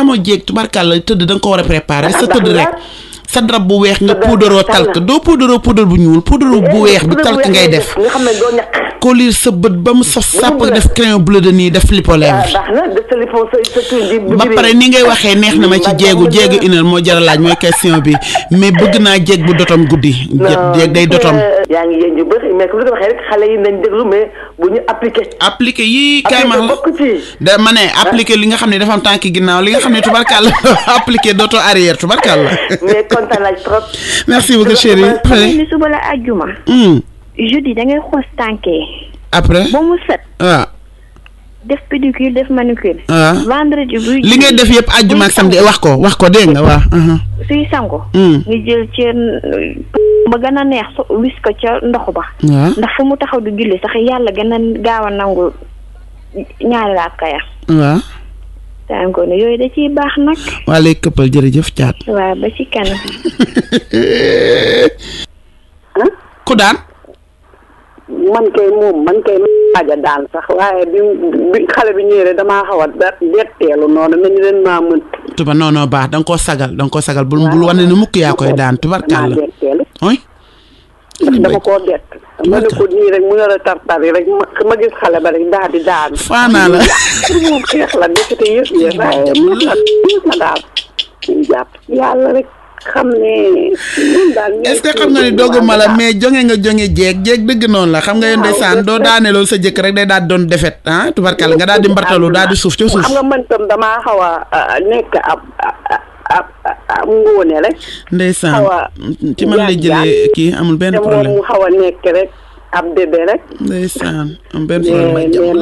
amoo jéeg tubarkàlla tëdd da nga ko war a préparer sa tëdd rek sa drap bu weex nga puudaroo talk doo puudaroo puudar bu ñuul puudaroo bu weex bi talk ngay def ko liir sa bët ba mu saf sàpp def crayon bleu de nii def lipo lèvre ah, ba pare ni ngay waxee neex na ma ci mm, jéegu jéegu une moo jar a laaj mooy question bi mais bëgg naa jéeg bu dotom guddi jéeg day dotom yaa ngi yéen ñu bëri mais comme yi nañ déglu bu ñu appliqué appliqué yii kaay ma da ma ne appliqué li nga xam ne dafa am tànk ginnaaw li nga xam ne tubarkàll appliqué dooto arrière tubarkàll mais kontaan naa trop merci beaucoup chérie suba la àjjuma hmm. jeudi da ngay xoos tanké après bo mu set. ah def pédicure def manucure. ah vendredi bu li ngay def yépp aljuma ak samedi wax ko wax ko dégg nga wa waaw. suy sango hmm. nga jël ci ba gëna neex wis ko ca ndox ba. Ah. ndax fu mu taxaw du gilli sax yalla gëna gawa gaaw a nangu ñaari raakaya. waaw. Ah. tàngoor yooyu da ciy baax nag. waa lay këppal jërëjëf caat. waaw ba ci kanam. ku daan. man kay moom man kay a daan sax waaye bi bi xale bi ñëwee damaa xaw a betteelu noonu nañu leen maa mën. tuba non non baax da nga koo sagal da koo sagal bul bul wane ne mukk yaa koy daan tubarkàlla. oui. dama koo bett. ma ko nii rek mu yor a tartar yi rek ma gis xale ba rek daal di daan. faanaa la pour moom xeex la nekk te yëf yëf waaye mu la daal. ñu jàpp yàlla rek. xam ne ñun daal est-ce que xam doogu ma la mais jonge nga jonge jeeg jeeg dëgg noonu la xam nga yoon ndeysaan doo daane daaneeloo sa jëkk rek day daal doon defet ah tubarkal nga daal di mbartalu daal di suuf ca suuf xam nga man tam damaa xaw a nekk ab ab rek ci man lay kii amul benn problème mu xaw a nekk rek ab bébé rek. ndeysaan am benn problème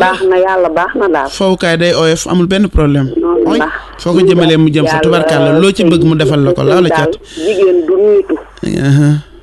fowukaay day oyof amul benn problème. noonu foo ko jëmalee mu jëm sa tubarkàlla loo ci bëgg mu defal la ko laa la